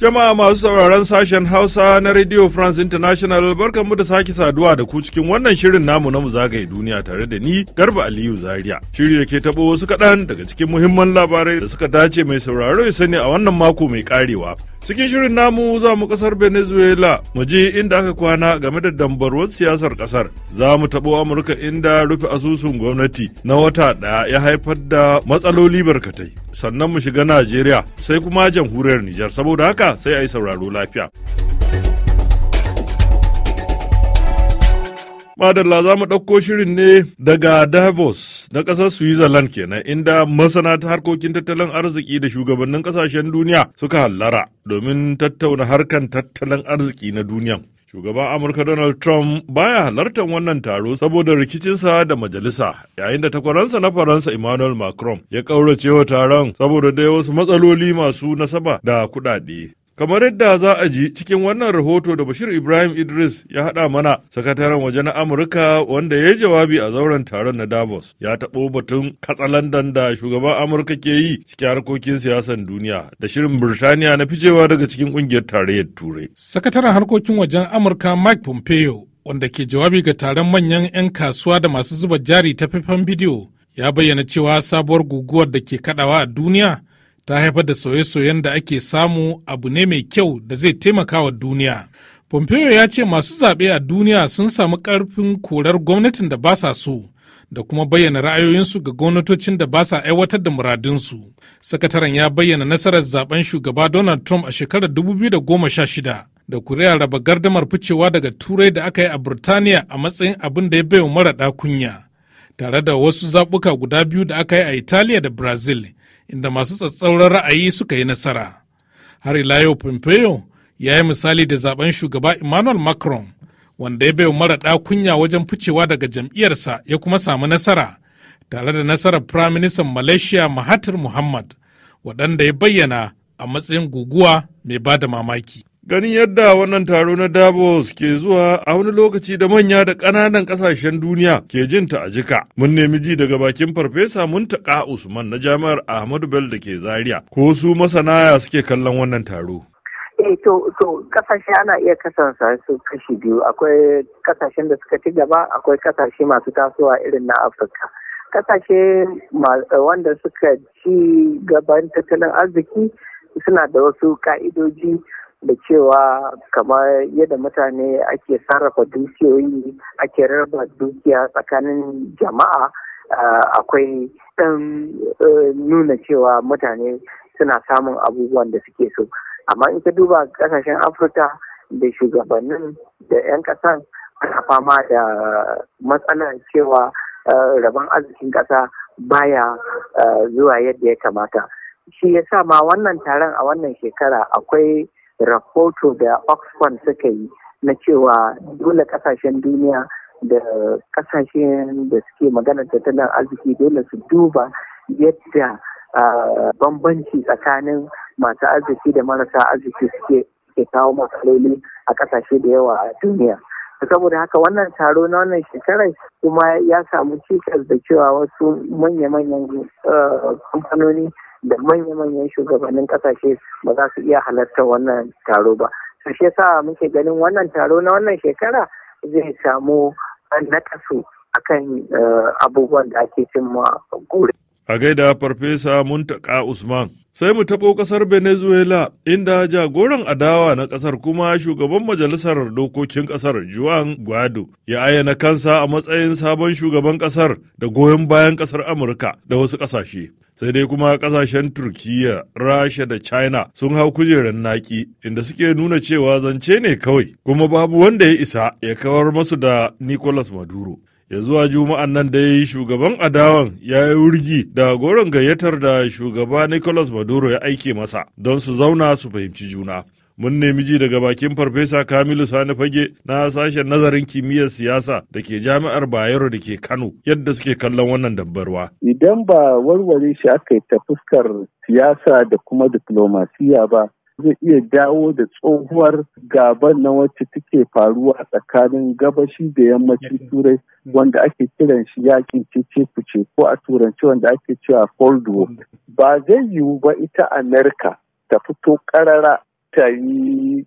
Jama'a masu sauraron sashen Hausa na Radio France International barkanmu da sake saduwa da ku cikin wannan shirin namu na mu zagaye duniya tare da ni Garba Aliyu Zaria. Shiri da ke taɓo wasu kaɗan daga cikin muhimman labarai da suka dace mai sauraro ya sani a wannan mako mai karewa. Cikin shirin namu za mu kasar Venezuela mu ji inda aka kwana game da dambarwar siyasar kasar. Za mu taɓo Amurka inda rufe asusun gwamnati na wata ɗaya ya haifar da matsaloli barkatai. Sannan mu shiga Najeriya sai kuma jamhuriyar Nijar saboda haka sai a yi sauraro lafiya. Madalla za mu ɗauko shirin ne daga Davos na ƙasar Switzerland kenan inda masana ta harkokin tattalin arziki da shugabannin ƙasashen duniya suka hallara domin tattauna harkan tattalin arziki na duniya. Shugaban Amurka Donald Trump baya halartar wannan taro saboda rikicinsa da majalisa yayin da takwaransa na Faransa Emmanuel Macron ya ƙaurace wa taron saboda dai wasu matsaloli masu nasaba da kuɗaɗe. Kamar yadda za a ji cikin wannan rahoto da Bashir Ibrahim Idris ya haɗa mana sakataren waje na Amurka wanda ya yi jawabi a zauren taron na Davos ya taɓo batun katsalandan da shugaban Amurka ke yi cikin harkokin siyasan duniya da shirin Birtaniya na ficewa daga cikin ƙungiyar tarayyar Turai. Sakataren harkokin wajen Amurka Mike Pompeo wanda ke jawabi ga taron manyan 'yan kasuwa da masu zuba jari ta faifan bidiyo ya bayyana cewa sabuwar guguwar da ke kadawa a duniya ta haifar da sauye-sauyen da ake samu abu ne mai kyau da zai taimaka wa duniya. Pompeo ya ce masu zaɓe a duniya sun samu ƙarfin korar gwamnatin da ba sa so da kuma bayyana ra'ayoyinsu ga gwamnatocin da ba sa aiwatar da muradinsu. Sakataren ya bayyana nasarar zaben shugaba Donald Trump a shekarar 2016 da kuri'a raba gardamar ficewa daga turai da aka yi a Burtaniya a matsayin abin da ya bai wa mara kunya. tare da wasu zaɓuka guda biyu da aka yi a Italiya da Brazil inda masu tsatsauran ra'ayi suka yi nasara har ila yau pompeo ya yi misali da zaben shugaba emmanuel macron wanda ya baiwa maraɗa kunya wajen ficewa daga jam'iyyarsa ya kuma samu nasara tare da nasarar firaministan malaysia mahathir muhammad waɗanda ya bayyana a matsayin guguwa mai ba da mamaki Ganin yadda wannan taro na Davos ke zuwa a wani lokaci da manya da ƙananan ƙasashen duniya ke jin ta a jika. Mun nemi ji daga bakin Farfesa Muntaka Usman na Jami'ar Ahmadu Bello da ke Zaria. Ko su masana ya suke kallon wannan taro? eh to to kasashe ana iya kasance su kashi biyu akwai kasashen da suka ci gaba akwai kasashe masu tasowa irin na afirka kasashe wanda suka ci gaban tattalin arziki suna da wasu ka'idoji da cewa kamar yadda mutane ake sarrafa dukiyoyi ake rarraba dukiya tsakanin jama'a eh, akwai ɗan eh, nuna cewa mutane suna samun abubuwan da suke so amma in ka duba ƙasashen afirka da shugabannin da 'yan ƙasan ana fama da matsalar cewa eh, rabon arzikin ƙasa baya zuwa yadda ya kamata shi ya sa ma wannan taron a wannan shekara akwai rahoto da Oxfam suka yi na cewa dole kasashen duniya da kasashen da suke maganar tattalin arziki dole su duba yadda bambanci tsakanin masu arziki da marasa arziki suke ke kawo matsaloli a kasashe da yawa a duniya. saboda haka wannan taro na wannan shekarar kuma ya samu cikas da cewa wasu manya-manyan kamfanoni da manya-manyan shugabannin kasashe ba za su iya halarta wannan taro ba su shi yasa muke ganin wannan taro na wannan shekara zai samu nakasu akan eh, abubuwan da ake cimma gore. a gaida farfesa muntaka usman sai mu taɓo ƙasar venezuela inda jagoran adawa na ƙasar kuma shugaban majalisar dokokin ƙasar juan guaido ya ayyana kansa a matsayin sabon shugaban ƙasar da goyon bayan ƙasar amurka da wasu ƙasashe sai dai kuma kasashen turkiya rasha da china sun hau kujerar naki inda suke nuna cewa zance ne kawai kuma babu wanda ya isa ya kawar masu da nicolas maduro ya zuwa juma'an nan da ya yi shugaban adawan ya yi wurgi da goron gayyatar da shugaba nicolas maduro ya aike masa don su zauna su fahimci juna mun nemi ji daga bakin farfesa kamilu sani fage na sashen nazarin kimiyyar siyasa da ke jami'ar bayero da ke kano yadda suke kallon wannan dabbarwa idan ba warware shi aka yi ta fuskar siyasa da kuma diplomasiya ba zai iya dawo da tsohuwar gaban na wacce take faruwa tsakanin gabashi da yammacin turai wanda ake kiran shi yakin cece kuce ko a turanci wanda ake cewa cold war ba zai yiwu ba ita amerika ta fito karara ta yi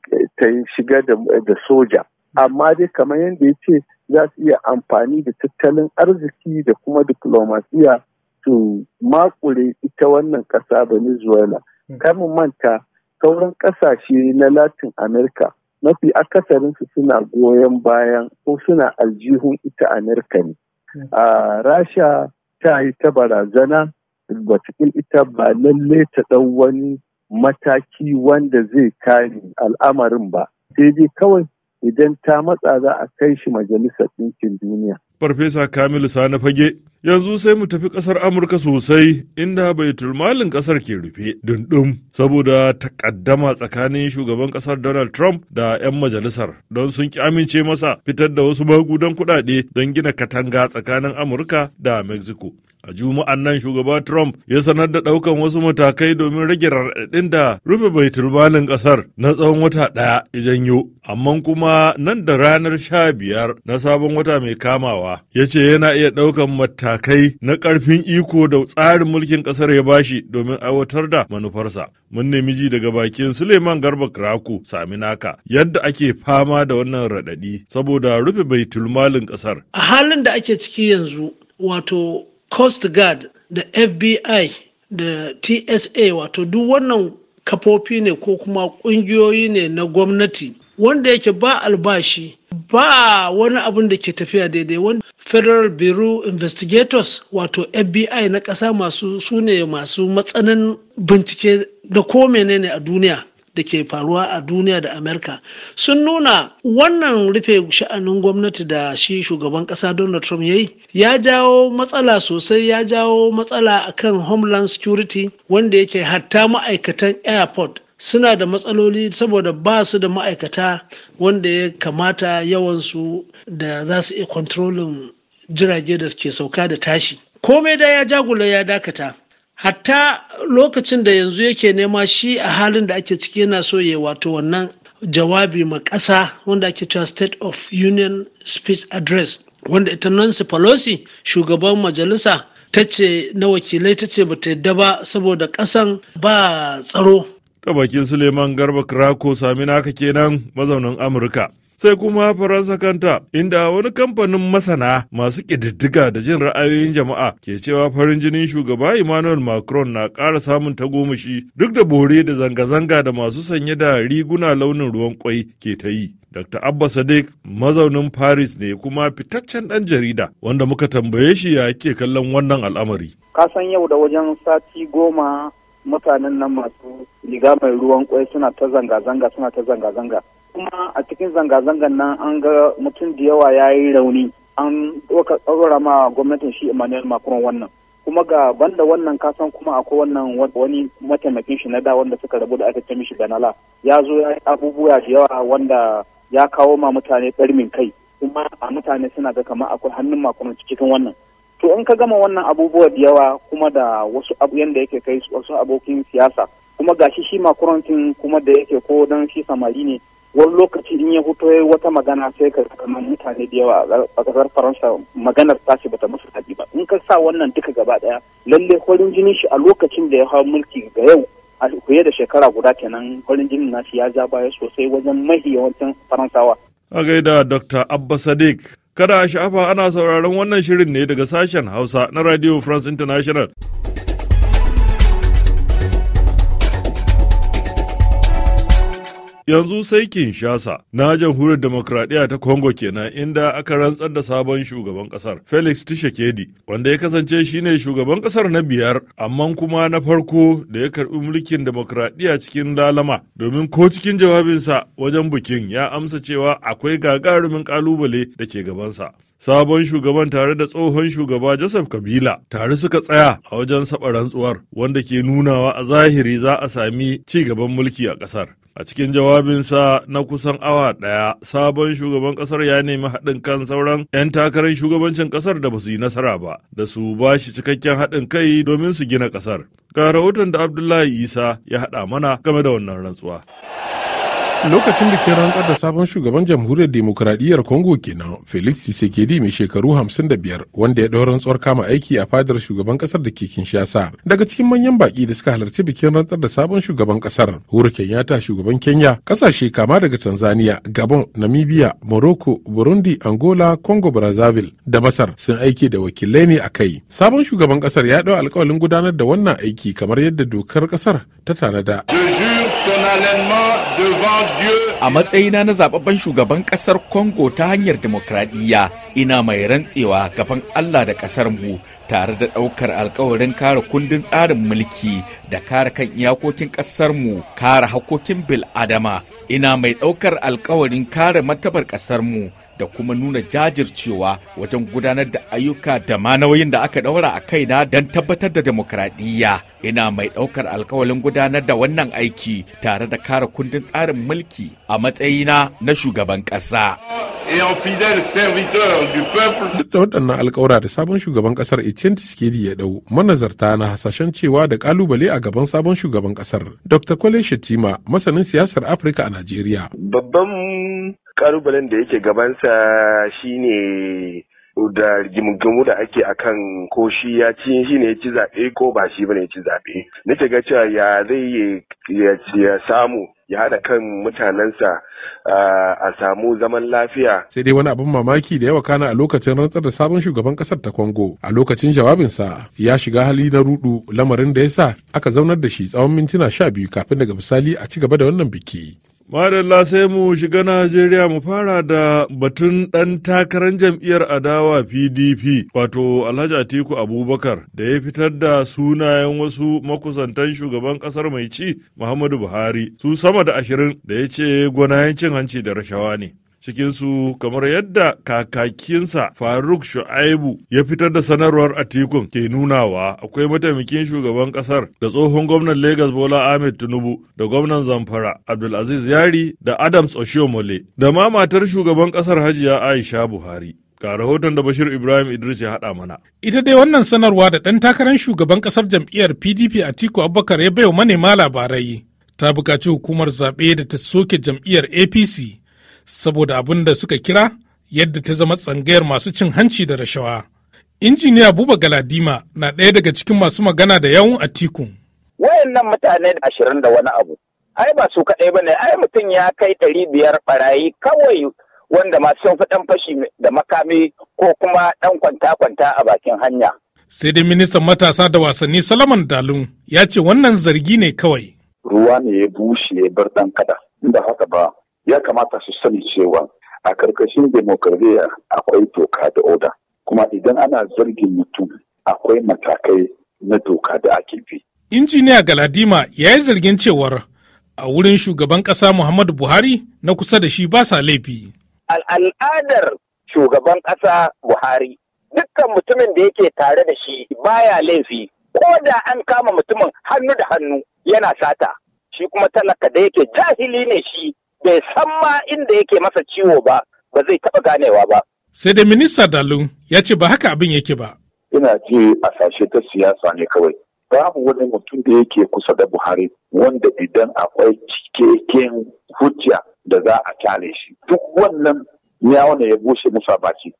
shiga da soja amma dai kamar yadda ya ce za su iya amfani da tattalin arziki da kuma diplomasiya su makure ita wannan ƙasa venezuela hmm. kamin manta sauran ƙasashe na latin america mafi akasarinsu suna goyon bayan ko suna aljihun ita america ne hmm. a rasha ta yi ta barazana batakil ita ba lalle ta ɗau wani mataki wanda zai kare al'amarin ba sai dai kawai idan ta matsa za a kai shi majalisar ɗinkin duniya. Farfesa Kamilu Sani Fage yanzu sai mu tafi ƙasar Amurka sosai inda baitul malin ƙasar ke rufe dundum saboda takaddama tsakanin shugaban ƙasar Donald Trump da 'yan majalisar don sun ki amince masa fitar da wasu magudan kuɗaɗe don gina katanga tsakanin Amurka da Mexico. A juma'an nan shugaba Trump ya sanar da ɗaukan wasu matakai domin rage raɗaɗin da rufe baitulmalin ƙasar na tsawon wata ɗaya ya janyo. Amma kuma nan da ranar sha biyar na sabon wata mai kamawa ya ce yana iya ɗaukan matakai na ƙarfin iko da tsarin mulkin ƙasar ya bashi domin aiwatar da manufarsa. Mun nemi ji daga bakin Suleiman Garba kraku sami naka yadda ake fama da wannan raɗaɗi saboda rufe baitulmalin ƙasar. A halin da ake ciki yanzu wato coast guard da fbi da tsa wato duk wannan kafofi ne ko kuma kungiyoyi ne na gwamnati wanda yake ba albashi ba wani abin da ke tafiya daidai wanda federal bureau investigators wato fbi na ƙasa masu su masu matsanin bincike da ko menene a duniya da ke faruwa a duniya da amerika sun nuna wannan rufe sha'anin gwamnati da shi shugaban kasa donald trump ya yi ya jawo matsala sosai ya jawo matsala akan homeland security wanda yake hatta ma'aikatan airport suna da matsaloli saboda ba su da ma'aikata wanda ya kamata yawansu da za su iya kontrolin jirage da suke sauka da tashi komai da ya jagula ya dakata hatta lokacin da yanzu yake nema shi a halin da ake ciki yana so ya wato wannan jawabi ma ƙasa wanda ake cewa state of union speech address wanda ita nancy pelosi shugaban majalisa ta ce na wakilai ta ce bata yadda ba saboda ƙasan ba tsaro ta bakin suleiman garba krako sami naka kenan mazaunin amurka sai kuma faransa kanta inda wani kamfanin masana masu ƙididdiga da jin ra'ayoyin jama'a ke cewa farin jinin shugaba emmanuel macron na ƙara samun tagomashi duk da bore da zanga-zanga da masu sanye da riguna launin ruwan kwai ke ta yi Dr. Abba Sadiq mazaunin Paris ne kuma fitaccen ɗan jarida wanda muka tambaye shi ya ke kallon wannan al'amari. ka san yau da wajen sati goma mutanen nan masu riga mai ruwan kwai suna ta zanga-zanga suna ta zanga-zanga kuma a cikin zanga-zangan nan an ga mutum da yawa ya yi rauni an ɗora ma gwamnatin shi Emmanuel Macron wannan. Kuma ga banda wannan kasan kuma akwai wannan wani mataimakin shi na da wanda suka rabu da aka ce mishi Danala ya zo ya abubuwa da yawa wanda ya kawo ma mutane ɓarmin kai kuma a mutane suna ga kama akwai hannun Macron cikin wannan. to in ka gama wannan abubuwa da yawa kuma da wasu abu yanda yake kai wasu abokin siyasa kuma gashi shi makurantin kuma da yake ko dan shi samari ne wani lokaci in ya fito ya wata magana sai ka kama mutane da yawa a kasar faransa maganar ce bata musu haɗi ba in ka sa wannan duka gaba ɗaya lalle farin jinin shi a lokacin da ya hau mulki ga yau a fiye da shekara guda kenan farin jinin shi ya ja baya sosai wajen mahi yawancin faransawa. a gaida dr abba sadiq kada a sha'afa ana sauraron wannan shirin ne daga sashen hausa na radio france international. Yanzu sai Kinshasa na jamhuriyar demokradiyya ta Congo kenan inda aka rantsar da sabon shugaban kasar Felix Tshisekedi wanda ya kasance shine shugaban kasar na biyar amma kuma na farko da ya karbi mulkin demokradiyya cikin lalama domin ko cikin jawabinsa wajen bukin ya amsa cewa akwai gagarumin kalubale da ke gabansa. sabon shugaban tare da tsohon shugaba Joseph Kabila tare suka tsaya a wajen saba rantsuwar wanda ke nunawa a zahiri za a sami ci gaban mulki a ƙasar. A cikin jawabinsa na kusan awa ɗaya, sabon shugaban ƙasar ya nemi haɗin kan sauran 'yan takarar shugabancin ƙasar da ba su yi nasara ba, da su ba shi cikakken haɗin kai domin su gina ƙasar. Ga rahoton da Abdullahi Isa ya haɗa mana game da wannan rantsuwa. lokacin bikin rantsar da sabon shugaban jamhuriyar demokuraɗiyyar congo kenan felix tshisekedi mai shekaru 55 wanda ya ɗau rantsuwar kama aiki a fadar shugaban ƙasar da ke kinshasa daga cikin manyan baƙi da suka halarci bikin rantsar da sabon shugaban ƙasar kenya kenyatta shugaban kenya ƙasashe kama daga tanzania gabon namibia morocco burundi angola congo brazzaville da masar sun aiki da wakilai ne a kai sabon shugaban ƙasar ya ɗau alƙawalin gudanar da wannan aiki kamar yadda dokar ƙasar ta tanada. A matsayina na zababben shugaban ƙasar Congo ta hanyar demokradiyya ina mai rantsewa gaban Allah da ƙasar mu tare da ɗaukar alkawarin kare kundin tsarin mulki da kare kan iyakokin ƙasarmu kare hakokin bil'adama ina mai ɗaukar alkawarin kare martabar ƙasarmu da kuma nuna jajircewa wajen gudanar da ayyuka da ma da aka ɗaura a kaina don tabbatar da demokradiyya ina mai ɗaukar alkawalin gudanar da wannan aiki tare da kare kundin tsarin mulki a matsayina na shugaban ƙasa. et en fidèle serviteur du peuple. Duk da waɗannan alƙawura da sabon shugaban ƙasar Etienne Tshisekedi ya ɗau, manazarta na hasashen cewa da ƙalubale a gaban sabon shugaban ƙasar. Dr. Kwale Shetima, masanin siyasar Afirka a Najeriya. Babban ƙalubalen da yake gabansa shine da rigimu da ake akan ko shi ya ci shi ne ci zaɓe ko ba shi bane ya ci zaɓe nake ga cewa ya zai ya samu ya haɗa kan mutanensa a samu zaman lafiya. Sai dai wani abin mamaki da yawa kana a lokacin rantsar da sabon shugaban ƙasar ta Kongo a lokacin jawabinsa ya shiga hali na rudu lamarin da ya sa aka zaunar da shi tsawon mintuna sha biyu kafin daga misali a ci gaba da wannan biki. Madalla sai mu shiga Najeriya mu fara da batun ɗan takarar jam'iyyar adawa PDP wato Alhaji Atiku Abubakar da ya fitar da sunayen wasu makusantan shugaban ƙasar mai ci Muhammadu Buhari su sama da ashirin da ya ce gwanayen cin hanci da rashawa ne. cikinsu kamar yadda kakakinsa faruk shu'aibu ya fitar da sanarwar atikun ke nunawa akwai mataimakin shugaban kasar da tsohon gwamnan Legas bola ahmed tinubu da gwamnan zamfara abdulaziz yari da adams oshiomole da ma matar shugaban kasar hajiya aisha buhari ga rahoton da bashir ibrahim idris ya haɗa mana ita dai wannan sanarwa da ɗan takarar shugaban ƙasar jam'iyyar pdp atiku abubakar ya baiwa manema labarai ta bukaci hukumar zaɓe da ta soke jam'iyyar apc saboda abin da suka kira yadda ta zama tsangayar masu cin hanci da rashawa. Injiniya Buba Galadima na ɗaya daga cikin masu magana da yawun a tikun. Wayannan mutane ashirin da wani abu, ai ba su kaɗai ba ne, ai mutum ya kai ɗari biyar ɓarayi kawai wanda masu sun fi ɗan fashi da makami ko kuma ɗan kwanta-kwanta a bakin hanya. Sai dai ministan matasa da wasanni Salaman Dalun ya ce wannan zargi ne kawai. Ruwa ne ya bushe ya bar ɗan kada, inda haka ba ya kamata su sani cewa a karkashin demokradiyya akwai doka da oda kuma idan ana zargin mutum akwai matakai na doka da ake bi. injiniya galadima ya yi zargin cewar a wurin shugaban ƙasa muhammadu buhari na kusa da shi ba sa laifi al'adar shugaban ƙasa buhari dukkan mutumin da yake tare da shi baya laifi ko da an kama mutumin hannu da hannu yana sata shi kuma talaka da yake jahili ne shi bai san ma inda yake masa ciwo ba ba zai taɓa ganewa ba. Sai dai minista Dalu ya ce ba haka abin yake ba. Ina ji a sashe ta siyasa ne kawai. Babu wani mutum da yake kusa da Buhari wanda idan akwai cikakken hujja da za a kyale shi. Duk wannan ya wani ya bushe musa baki.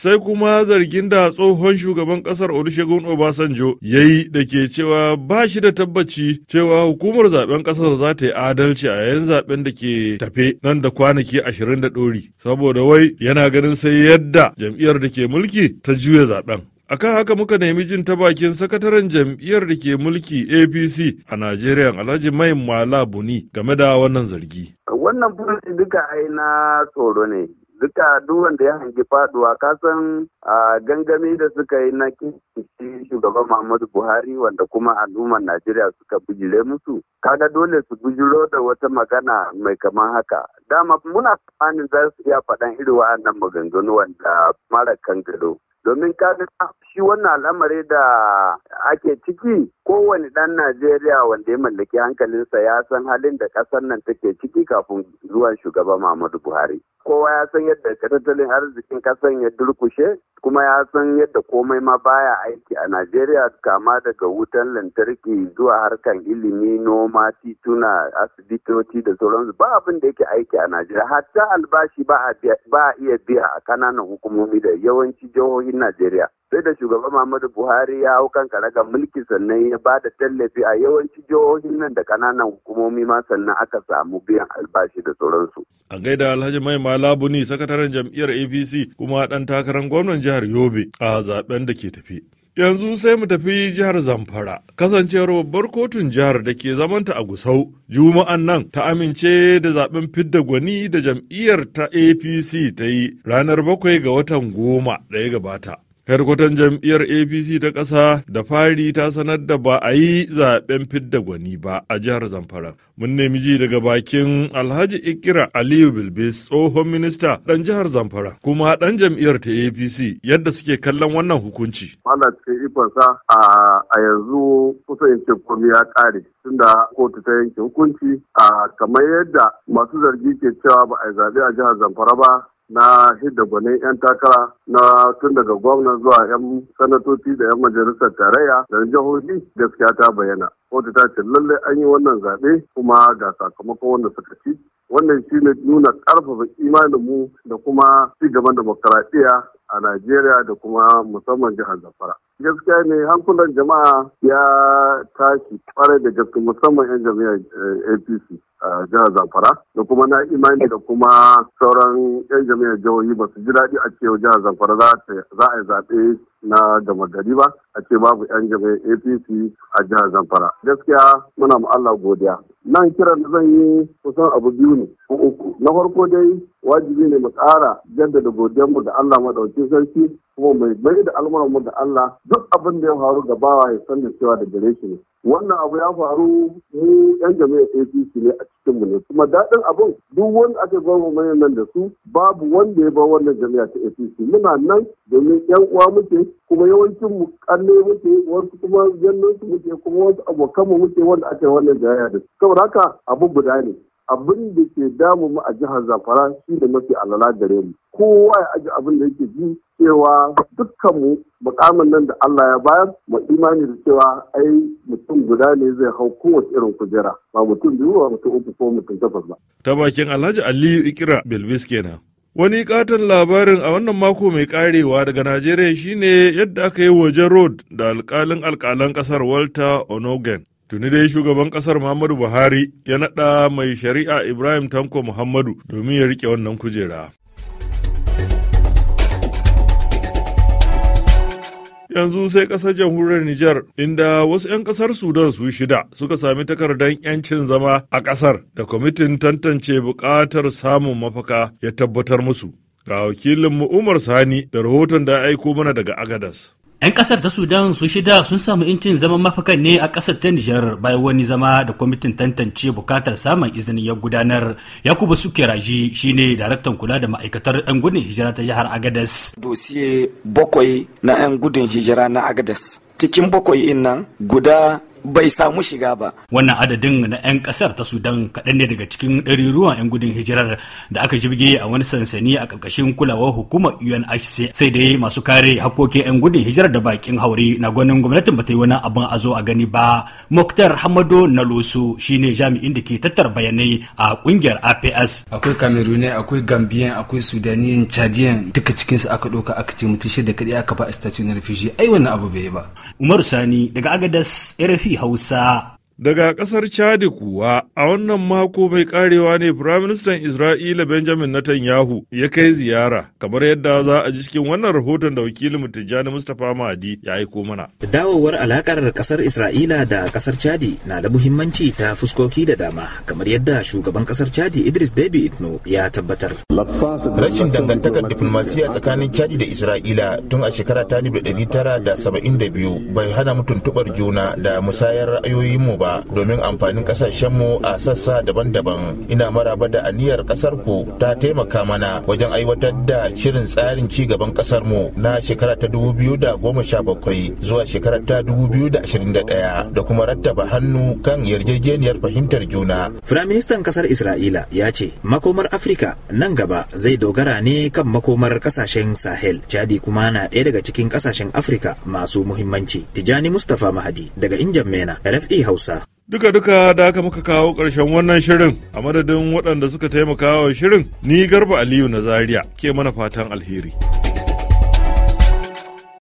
sai kuma zargin da tsohon shugaban kasar olusegun obasanjo ya yi da ke cewa ba shi da tabbaci cewa hukumar zaben kasar za ta yi adalci a yayin zaben da ke tafe nan da kwanaki ashirin da ɗori saboda wai yana ganin sai yadda jam'iyyar da ke mulki ta juya zaben akan haka muka nemi jin ta bakin sakataren jam'iyyar da ke mulki apc a najeriya alhaji mai mala buni game da wannan zargi wannan furanci duka ai na tsoro ne duka duk wanda ya hangi faduwa kasan a gangami da suka yi na kishi shugaban Muhammadu Buhari wanda kuma al'ummar Najeriya suka bujire musu kaga dole su bujiro da wata magana mai kaman haka dama muna tsammanin za su iya faɗan irin wa'annan maganganu wanda mara kan gado domin kaga shi wannan al'amari da ake ciki kowane dan Najeriya wanda ya mallaki hankalinsa ya san halin da ƙasar nan take ciki kafin zuwan shugaba Muhammadu Buhari. Kowa ya san yadda tattalin arzikin ƙasar ya durkushe kuma ya san yadda komai ma baya aiki a Najeriya kama daga wutan lantarki zuwa harkan ilimi, noma, tituna, asibitoci da sauransu ba abin da yake aiki a Najeriya hatta albashi ba a iya biya a kananan hukumomi da yawanci jihohi tarihin Najeriya. Sai da shugaban Muhammadu Buhari ya hau kan karagar mulki sannan ya ba da tallafi a yawancin jihohin nan da kananan hukumomi ma sannan aka samu biyan albashi da tsoronsu. A gaida Alhaji Mai Malabuni sakataren jam'iyyar APC kuma ɗan takarar gwamnan jihar Yobe a zaben da ke tafi. Yanzu sai mu tafi jihar Zamfara, kasancewar babbar kotun jihar da ke zamanta a Gusau, Juma'an nan ta amince da zaɓen fidda gwani da jam'iyyar ta APC ta yi ranar bakwai ga watan goma da gabata. Yarkwatan jam'iyyar APC ta ƙasa da fari ta sanar da ba a yi zaɓen fidda gwani ba a jihar Zamfara. Mun nemi ji daga bakin Alhaji Ikira Aliyu Bilbis tsohon minista ɗan jihar Zamfara kuma ɗan jam'iyyar ta APC yadda suke kallon wannan hukunci. Ana cikin ifansa a yanzu kusa in ce ya ƙare tunda kotu ta yanke hukunci a kamar yadda masu zargi ke cewa ba a yi zaɓe a jihar Zamfara ba na hidda gwanin 'yan takara na tun daga gwamna zuwa 'yan sanatoci da 'yan majalisar tarayya da jihohi gaskiya ta bayyana kotu ta ce lallai an yi wannan zaɓe kuma ga sakamakon wanda suka ci wannan shi ne nuna ƙarfafa imaninmu da kuma ci gaban demokaradiyya a Najeriya da kuma musamman jihar Zamfara. Gaskiya ne hankulan jama'a ya tashi kwarai da gaske musamman 'yan jami'ar eh, APC a jihar Zamfara da kuma na imani da kuma sauran 'yan jami'ar jihohi ba su ji daɗi a cewa jihar Zamfara za a yi zaɓe na gama gari ba a ce babu 'yan jami'ar APC a jihar Zamfara. Gaskiya muna mu Allah godiya. Nan kiran da zan yi kusan abu biyu ne Na farko dai wajibi ne mu ƙara jaddada godiyarmu da Allah madauki cikin sarki kuma mai mai da al'amuranmu da Allah duk abin da ya faru ga bawa ya san cewa da gare shi ne. Wannan abu ya faru mu yan jami'a APC ne a cikin mu ne kuma daɗin abin duk wanda aka gwamna manyan nan da su babu wanda ya bar wannan jami'a ta APC muna nan domin yan uwa muke kuma yawancin mu kalle muke wasu kuma yannan su muke kuma wasu abokan mu muke wanda aka yi wannan jami'a da su. Saboda haka abu guda ne. abin da ke damu mu a jihar zamfara shi da mafi alala gare mu kowa ya aji abin da yake ji cewa dukkan mu mukamin nan da Allah ya bayar mu imani da cewa ai mutum guda ne zai hau kowace irin kujera ba mutum biyu ba mutum uku ko mutum takwas ba ta bakin Alhaji Aliyu Ikira Bilbis kenan Wani katon labarin a wannan mako mai karewa daga Najeriya shine yadda aka yi wajen road da alkalin alkalan kasar Walter Onogen Tuni dai shugaban kasar Muhammadu Buhari ya naɗa mai shari'a Ibrahim Tanko Muhammadu domin ya rike wannan kujera. yanzu sai ƙasar jamhuriyar Nijar inda wasu 'yan kasar Sudan su shida suka sami takardar 'yancin zama a kasar da kwamitin tantance buƙatar samun mafaka ya tabbatar musu. Ga wakilinmu Umar Sani da rahoton da ya aiko mana daga Agadas. 'Yan kasar ta Sudan su shida sun samu incin zaman mafakan ne a kasar ta Nijar bayan wani zama da kwamitin tantance bukatar samun izinin ya gudanar. Yakubu Sukeraji shine daraktan kula da ma'aikatar 'yan gudun hijira ta jihar Agadas. Dosiye bakwai na 'yan gudun hijira na Agadas. Cikin bakwai in nan guda bai samu shiga ba. Wannan adadin na 'yan kasar ta Sudan kaɗan ne daga cikin ɗariruwan 'yan gudun hijirar da aka jibge a wani sansani a ƙarƙashin kulawar hukumar unhc. sai dai masu kare hakokin 'yan gudun hijirar da bakin haure na gwanin gwamnatin ba ta yi wani abin a zo a gani ba. Muktar Hamado Naloso shine jami'in da ke tattara bayanai a ƙungiyar APS. Akwai Cameroon, akwai gambiyan akwai Sudaniyan, Chadiyan duka cikinsu aka ɗauka aka ce mutum shida kaɗai aka ba a statue na refugee ai wannan abu bai ba. Umaru Sani daga Agadas RFI DW Hausa. Daga ƙasar Chadi kuwa a wannan mako bai karewa ne Firaministan Isra'ila Benjamin Netanyahu ya kai ziyara kamar yadda za a ji cikin wannan rahoton da wakilin Tijjani Mustapha Mahdi ya aiko mana. Dawowar alakar kasar Isra'ila da ƙasar Chadi na da muhimmanci ta fuskoki da dama kamar yadda shugaban ƙasar Chadi Idris Deby Itno ya tabbatar. Rashin dangantakar diplomasiya tsakanin Chadi da Isra'ila tun a shekara ta biyu bai hana mutuntubar juna da musayar ra'ayoyin mu ba. domin amfanin kasashenmu a sassa daban-daban ina maraba da aniyar kasar ku ta taimaka mana wajen aiwatar da shirin tsarin ci gaban kasar mu na shekara ta 2017 zuwa shekara ta 2021 da kuma rattaba hannu kan yarjejeniyar fahimtar juna firaministan kasar isra'ila ya ce makomar afirka nan gaba zai dogara ne kan makomar kasashen sahel chadi kuma na ɗaya daga cikin kasashen afirka masu muhimmanci tijani mustapha mahadi daga injan mena rfi hausa Duka-duka da aka muka kawo ƙarshen wannan shirin a madadin waɗanda suka taimaka wa shirin ni garba Aliyu na Zaria ke mana fatan alheri.